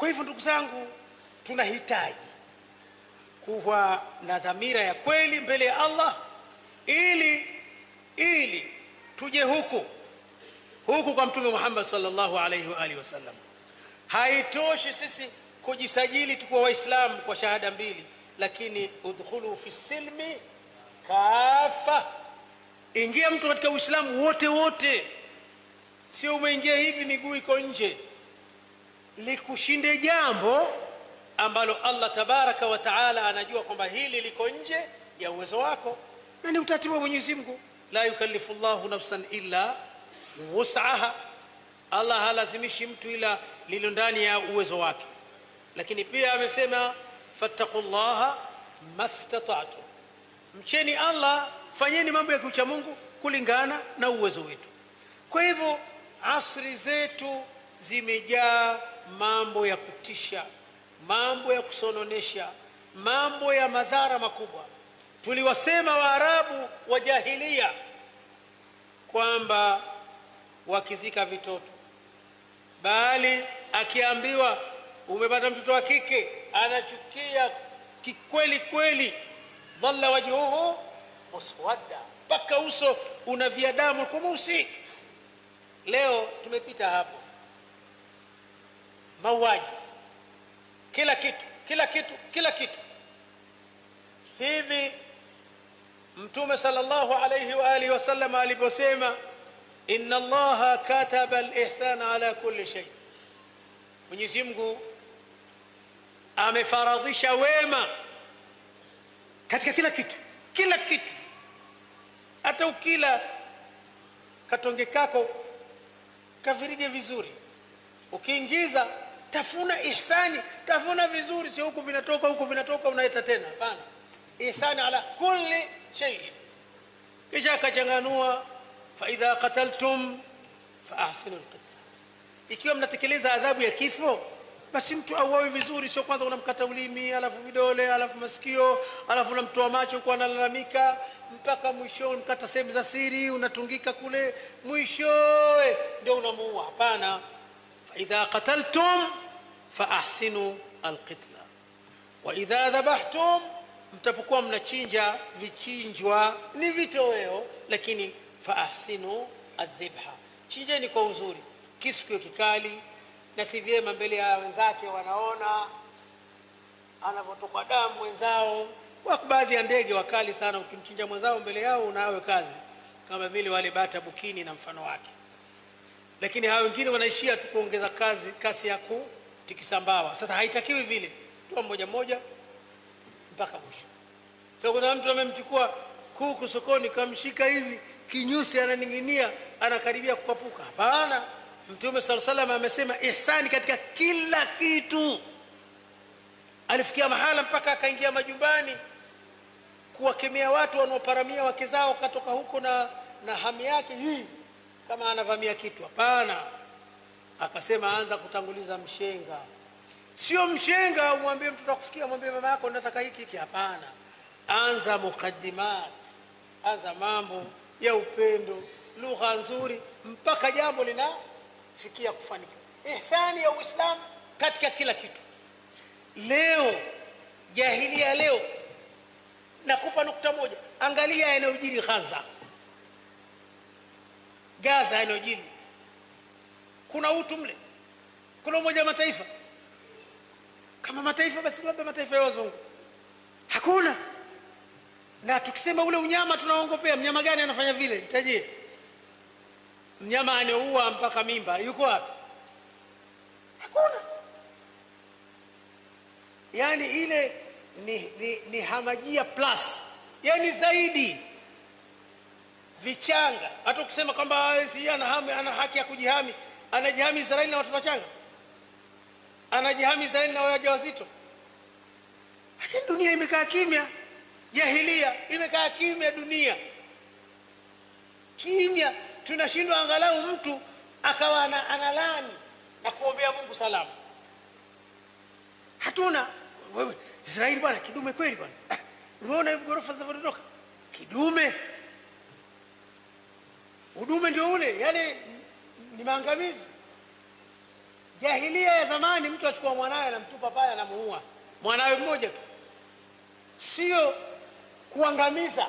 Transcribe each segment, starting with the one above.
Kwa hivyo ndugu zangu, tunahitaji kuwa na dhamira ya kweli mbele ya Allah ili ili tuje huku huku kwa Mtume Muhammad sallallahu alaihi wa alihi wasallam. Haitoshi sisi kujisajili tu kwa Waislamu kwa shahada mbili, lakini udkhulu fi silmi kafa, ingia mtu katika Uislamu wote wote, sio umeingia hivi miguu iko nje likushinde jambo ambalo Allah tabaraka wa taala anajua kwamba hili liko nje ya uwezo wako, na ni utaratibu wa Mwenyezi Mungu. La yukallifu llahu nafsan illa wusaha, Allah halazimishi mtu ila lilo ndani ya uwezo wake. Lakini pia amesema fattaqullaha mastata'tum, mcheni Allah, fanyeni mambo ya kiucha Mungu kulingana na uwezo wetu. Kwa hivyo asri zetu zimejaa mambo ya kutisha, mambo ya kusononesha, mambo ya madhara makubwa. Tuliwasema Waarabu wa jahilia kwamba wakizika vitoto, bali akiambiwa umepata mtoto wa kike anachukia kikweli kweli, dhalla wajhuhu muswadda, mpaka uso una viadamu kumusi. Leo tumepita hapo mauaji, kila kitu, kila kitu, kila kitu. Hivi Mtume sallallahu alayhi wa alihi wasallam aliposema inna Allaha kataba alihsana ala kulli shay, Mwenyezi Mungu amefaradhisha wema katika kila kitu, kila kitu. Hata ukila katonge kako kavirige vizuri, ukiingiza tafuna ihsani, tafuna vizuri, si huku vinatoka huku vinatoka, unaita tena. Hapana, ihsani ala kulli shay. Kisha akachanganua fa idha qataltum fa ahsinu alqatl, ikiwa mnatekeleza adhabu ya kifo basi mtu auawe vizuri, sio kwanza unamkata ulimi, alafu vidole, alafu masikio, alafu unamtoa macho kwa analalamika, mpaka mwisho mkata sehemu za siri, unatungika kule, mwisho ndio unamuua. Hapana. فإذا قتلتم faahsinu alqitla wa idha dhabahtum, mtapokuwa mnachinja vichinjwa ni vitoweo, lakini faahsinu adhibha, chinjeni kwa uzuri, kisu kiwe kikali na si vyema mbele ya wenzake, wanaona anavyotokwa damu wenzao. Wako baadhi ya ndege wakali sana, ukimchinja mwenzao mbele yao unawe kazi, kama vile wale bata bukini na mfano wake lakini hawa wengine wanaishia tu kuongeza kazi kasi ya kutikisa mbawa. Sasa haitakiwi vile, toa mmoja mmoja mpaka mwisho. So, kuna mtu amemchukua kuku sokoni kamshika hivi kinyusi, ananing'inia, anakaribia kukapuka. Hapana, Mtume sala salam amesema ihsani katika kila kitu. Alifikia mahala mpaka akaingia majumbani kuwakemea watu wanaoparamia wake zao, katoka huko na, na hamu yake hii kama anavamia kitu. Hapana, akasema anza kutanguliza mshenga, sio mshenga umwambie mtu takufikia, mwambie mama yako nataka hiki hiki. Hapana, anza mukaddimat, anza mambo ya upendo, lugha nzuri, mpaka jambo linafikia kufanikiwa. Ihsani ya Uislamu katika kila kitu. Leo jahilia, leo nakupa nukta moja, angalia yanayojiri Gaza. Gaza yanayojiri, kuna utu mle? Kuna umoja wa Mataifa? Kama mataifa basi labda mataifa ya wazungu, hakuna. Na tukisema ule unyama tunaongopea, mnyama gani anafanya vile? Nitajie mnyama anaoua mpaka mimba, yuko wapi? Hakuna. Yani ile ni, ni, ni hamajia plus, yani zaidi vichanga. Hata ukisema kwamba ah, ana, ana haki ya kujihami, anajihami Israeli na watoto wachanga, anajihami Israeli na wajawazito. Lakini dunia imekaa kimya, jahilia imekaa kimya, dunia kimya. Tunashindwa angalau mtu akawa analani na kuombea Mungu salama. Hatuna wewe Israeli bwana, kidume kweli bwana. Ah, umeona hivi ghorofa zinavyodondoka kidume udume ndio ule, yani ni maangamizi. Jahilia ya zamani, mtu achukua mwanawe anamtupa pale, anamuua mwanawe mmoja tu, sio kuangamiza,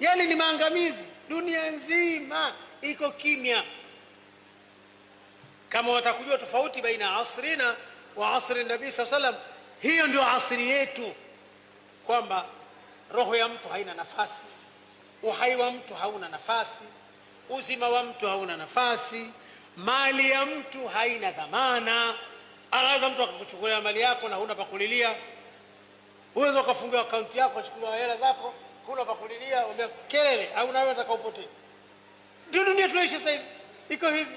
yani ni maangamizi. Dunia nzima iko kimya. Kama watakujua tofauti baina asrina wa asri nabii saa salam, hiyo ndio asri yetu, kwamba roho ya mtu haina nafasi, uhai wa mtu hauna nafasi uzima wa mtu hauna nafasi, mali ya mtu haina dhamana. Anaweza mtu akakuchukulia mali yako na huna pakulilia. Uweza ukafungia akaunti yako, achukuliwa hela zako, huna pakulilia, ambia kelele au nawe atakaupotea. Ndio dunia tunaishi sasa hivi, iko hivi,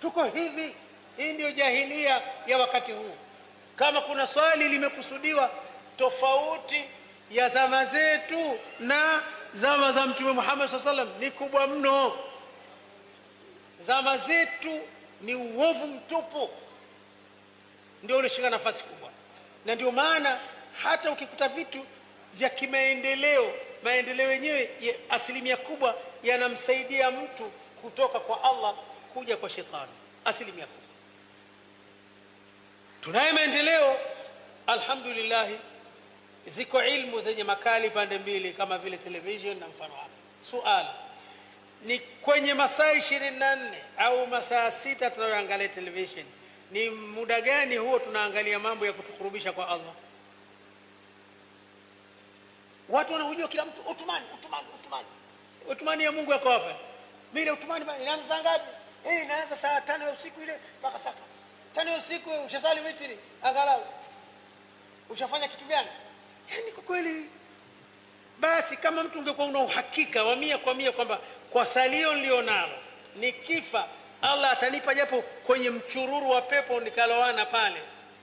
tuko hivi. Hii ndio jahilia ya wakati huu. Kama kuna swali limekusudiwa tofauti ya zama zetu na zama za Mtume Muhammad saa salam ni kubwa mno. Zama zetu ni uovu mtupu, ndio ulioshika nafasi kubwa, na ndio maana hata ukikuta vitu vya kimaendeleo, maendeleo yenyewe asilimia kubwa yanamsaidia mtu kutoka kwa Allah kuja kwa shetani, asilimia kubwa. Tunaye maendeleo alhamdulillahi Ziko ilmu zenye makali pande mbili kama vile television na mfano wake. Suali ni kwenye masaa ishirini na nne au masaa sita tunayoangalia television, ni muda gani huo tunaangalia mambo ya kutukurubisha kwa Allah? Watu wanahujua kila mtu utumani, utumani, utumani. Utumani ya Mungu yako hapa mimi. Utumani inaanza saa ngapi? Eh, inaanza saa tano ya usiku ile mpaka saa tano ya usiku. Ushasali witri angalau? Ushafanya kitu gani? Yaani kwa kweli, basi kama mtu ungekuwa una uhakika wa mia kwa mia kwamba kwa salio nilionalo nikifa Allah atanipa japo kwenye mchururu wa pepo nikalowana pale,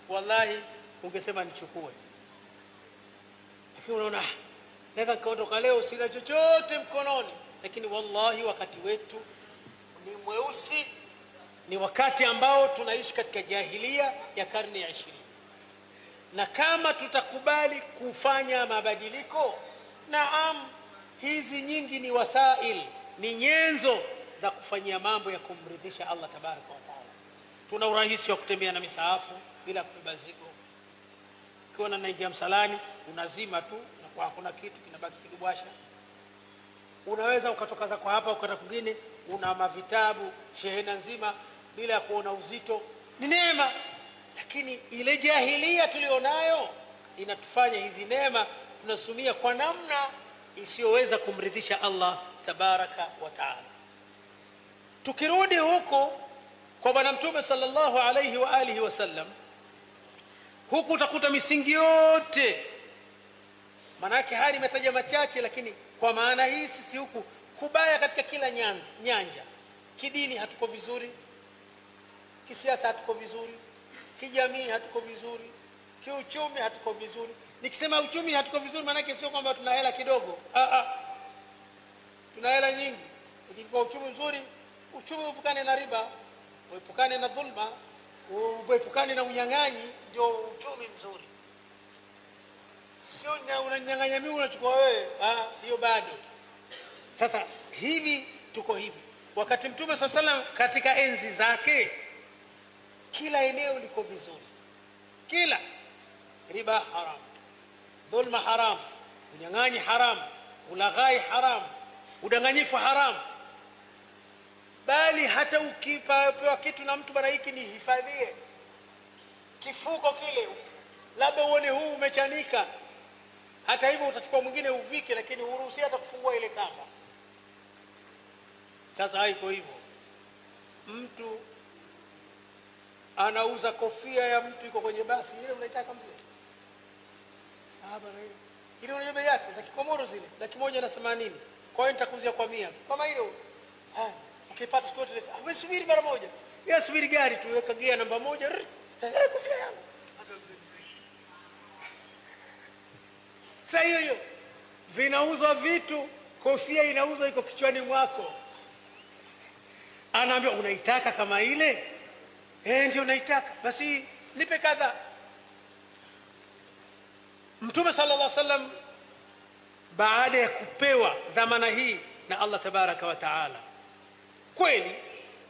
wallahi ungesema nichukue. Lakini unaona naweza nikaondoka leo sina chochote mkononi, lakini wallahi wakati wetu ni mweusi, ni wakati ambao tunaishi katika jahilia ya karne ya ishirini na kama tutakubali kufanya mabadiliko, naam, hizi nyingi ni wasail, ni nyenzo za kufanyia mambo ya kumridhisha Allah tabaraka wa taala. Tuna urahisi wa kutembea na misaafu bila kubeba zigo. Ukiwa naingia msalani, unazima tu na kwa hakuna kitu kinabaki kidubwasha. Unaweza ukatoka zako hapa ukata kwingine, una mavitabu shehena nzima bila ya kuona uzito, ni neema lakini ile jahilia tulionayo inatufanya hizi neema tunasumia kwa namna isiyoweza kumridhisha Allah tabaraka wa taala. Tukirudi huko kwa Bwana Mtume sallallahu alayhi wa alihi wasallam, huku utakuta misingi yote maanake, haya imetaja machache, lakini kwa maana hii sisi huku kubaya katika kila nyanja. Kidini hatuko vizuri, kisiasa hatuko vizuri kijamii hatuko vizuri, kiuchumi hatuko vizuri. Nikisema uchumi hatuko vizuri, maanake sio kwamba tuna hela kidogo. Ah, ah. tuna hela nyingi. Ikikuwa uchumi mzuri, uchumi uepukane na riba, uepukane na dhulma, uepukane na unyang'anyi, ndio uchumi mzuri. Sio unanyang'anya mimi unachukua wewe, ah, hiyo bado. Sasa hivi tuko hivi, wakati Mtume sallallahu alaihi wasallam katika enzi zake kila eneo liko vizuri, kila riba haram, dhulma haram, unyang'anyi haram, ulaghai haram, udanganyifu haram. Bali hata ukipewa kitu na mtu bana, hiki nihifadhie, kifuko kile, labda uone huu umechanika, hata hivyo utachukua mwingine uvike, lakini huruhusi hata kufungua ile kamba. Sasa haiko hivyo mtu anauza kofia ya mtu iko kwenye basi, ile unaitaka mzee? Ah bwana, ile unajua bei yake za Kikomoro zile laki moja na themanini. Kwa hiyo nitakuzia kwa mia kama ile ah, ukipata siku yote leta. Ah, wewe subiri mara moja, yeye subiri gari tu, weka gia namba moja, eh, eh, kofia yangu sasa. Hiyo hiyo vinauzwa vitu, kofia inauzwa iko kichwani mwako, anaambia unaitaka kama ile Eh, ndio naitaka, basi nipe kadha. Mtume sallallahu alaihi wasallam baada ya kupewa dhamana hii na Allah tabaraka wa taala, kweli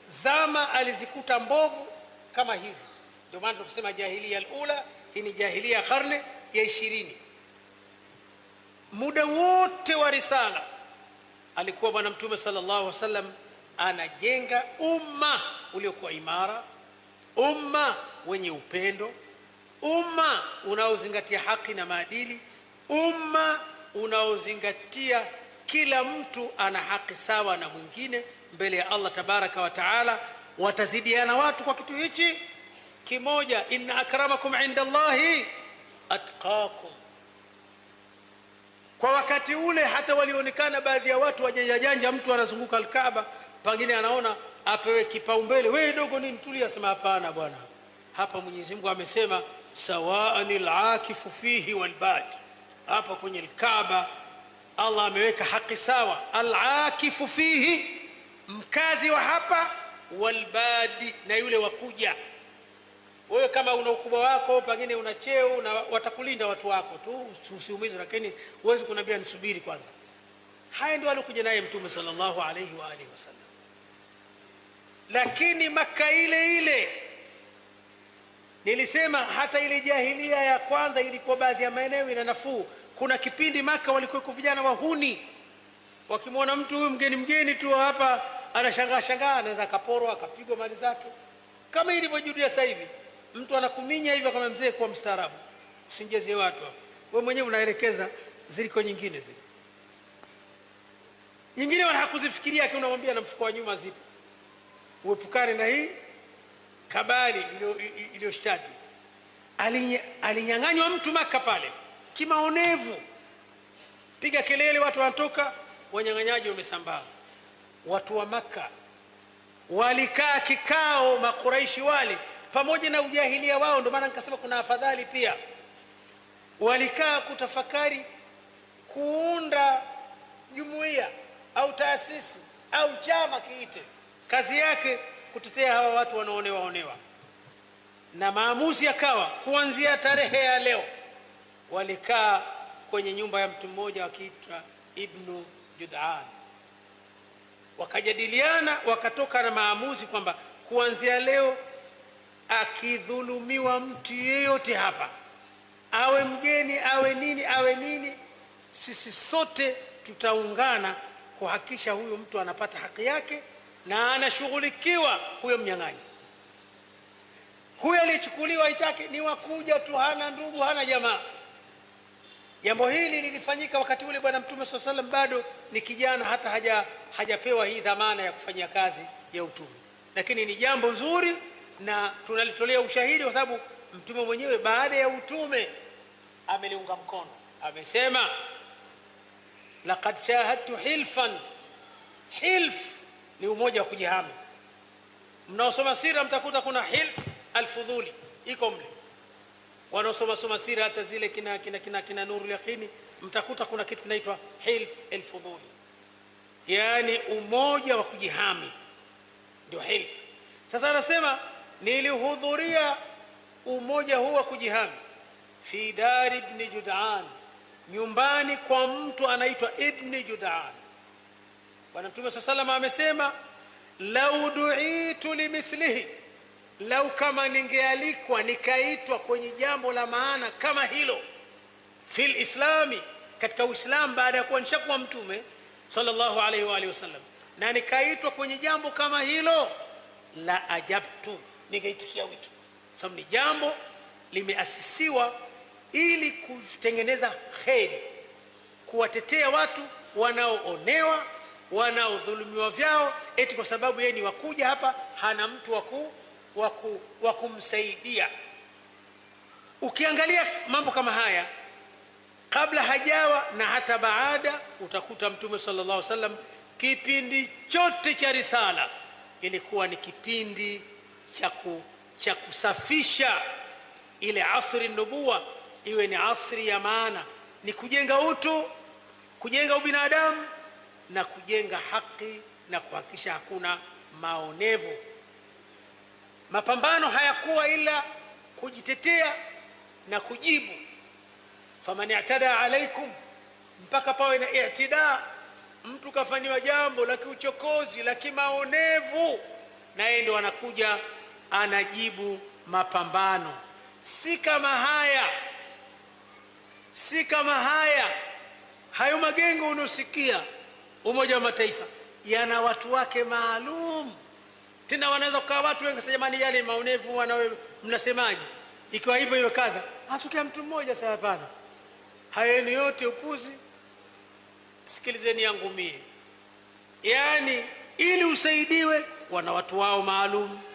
zama alizikuta mbovu kama hizi. Ndio maana tukisema jahilia alula, hii ni jahilia karne ya ishirini. Muda wote wa risala alikuwa Bwana Mtume sallallahu alaihi wasallam anajenga umma uliokuwa imara umma wenye upendo, umma unaozingatia haki na maadili, umma unaozingatia kila mtu ana haki sawa na mwingine mbele ya Allah tabaraka wa taala. Watazidiana watu kwa kitu hichi kimoja, inna akramakum inda llahi atqakum. Kwa wakati ule hata walionekana baadhi ya watu wajanjajanja mtu anazunguka Alkaaba, pengine anaona apewe kipaumbele. Wewe dogo nini tulia sema hapana bwana, hapa Mwenyezi Mungu amesema sawaan lakifu fihi walbadi. Hapa kwenye Kaaba Allah ameweka haki sawa, alakifu fihi, mkazi wa hapa, walbadi, na yule wakuja Wewe kama una ukubwa wako, pengine una cheo na watakulinda watu wako tu, usiumize lakini huwezi kuniambia nisubiri kwanza. Haya ndio alikuja naye Mtume sallallahu alayhi wa alihi wasallam. Lakini Maka ile ile nilisema, hata ile jahilia ya kwanza ilikuwa baadhi ya maeneo ina nafuu. Kuna kipindi Maka walikuweko vijana wahuni, wakimwona mtu huyu mgeni mgeni tu hapa anashangaa shangaa, anaweza akaporwa akapigwa mali zake, kama ilivyojudia sasa hivi. Mtu anakuminya hivyo, kama mzee, kuwa mstaarabu, usingezie watu hapo. Wewe mwenyewe unaelekeza ziliko nyingine, zile nyingine wanahakuzifikiria, lakini unamwambia na mfuko wa nyuma zipo uepukane na hii kabali iliyoshtadi. Alinyang'anywa mtu Maka pale kimaonevu, piga kelele, watu wanatoka, wanyang'anyaji wamesambaa. Watu wa Maka walikaa kikao, Makuraishi wale pamoja na ujahilia wao, ndio maana nikasema kuna afadhali pia. Walikaa kutafakari kuunda jumuiya au taasisi au chama kiite kazi yake kutetea hawa watu wanaonewa onewa, na maamuzi yakawa kuanzia tarehe ya leo walikaa kwenye nyumba ya mtu mmoja akiitwa Ibnu Judaan, wakajadiliana, wakatoka na maamuzi kwamba kuanzia leo akidhulumiwa mtu yeyote hapa, awe mgeni awe nini awe nini, sisi sote tutaungana kuhakikisha huyu mtu anapata haki yake na anashughulikiwa huyo mnyang'anyi, huyo aliyechukuliwa ichake ni wakuja tu, hana ndugu, hana jamaa. Jambo hili lilifanyika wakati ule Bwana Mtume swalla salam bado ni kijana, hata haja hajapewa hii dhamana ya kufanyia kazi ya utume, lakini ni jambo zuri na tunalitolea ushahidi kwa sababu Mtume mwenyewe baada ya utume ameliunga mkono, amesema laqad shahadtu hilfan hilfu ni umoja wa kujihami. Mnaosoma sira mtakuta kuna hilf alfudhuli iko mle, wanaosoma soma sira hata zile kina kina kina, kina nuru yakini mtakuta kuna kitu kinaitwa hilf alfudhuli, yaani umoja wa kujihami ndio hilf. Sasa anasema nilihudhuria umoja huu wa kujihami fi dari ibn Judan, nyumbani kwa mtu anaitwa Ibni Judan Bwana Mtume saa salama amesema, lau duitu limithlihi, lau kama ningealikwa nikaitwa kwenye jambo la maana kama hilo, fi lislami katika Uislamu, baada ya kuwa nishakuwa Mtume sallallahu alaihi waalihi wasallam, na nikaitwa kwenye jambo kama hilo, la ajabtu, ningeitikia wito, sababu ni jambo limeasisiwa ili kutengeneza kheri, kuwatetea watu wanaoonewa wanaodhulumiwa vyao, eti kwa sababu yeye ni wakuja hapa hana mtu waku, waku, wa kumsaidia. Ukiangalia mambo kama haya kabla hajawa na hata baada, utakuta Mtume sallallahu alaihi wasallam kipindi chote cha risala ilikuwa ni kipindi cha kusafisha ile asri nubuwa iwe ni asri ya maana, ni kujenga utu, kujenga ubinadamu na kujenga haki na kuhakikisha hakuna maonevu. Mapambano hayakuwa ila kujitetea na kujibu, faman i'tada alaikum, mpaka pawe na i'tidaa. Mtu kafanyiwa jambo la kiuchokozi la kimaonevu, na yeye ndo anakuja anajibu mapambano, si kama haya, si kama haya, hayo magengo unaosikia Umoja wa Mataifa yana watu wake maalum, tena wanaweza kukaa watu wengi. Sasa jamani, yale maonevu wanawe, mnasemaje? Ikiwa hivyo hiyo kadha, hatukia mtu mmoja. Sasa hapana, hayo ni yote upuzi. Sikilizeni yangu mie, yaani ili usaidiwe, wana watu wao maalum.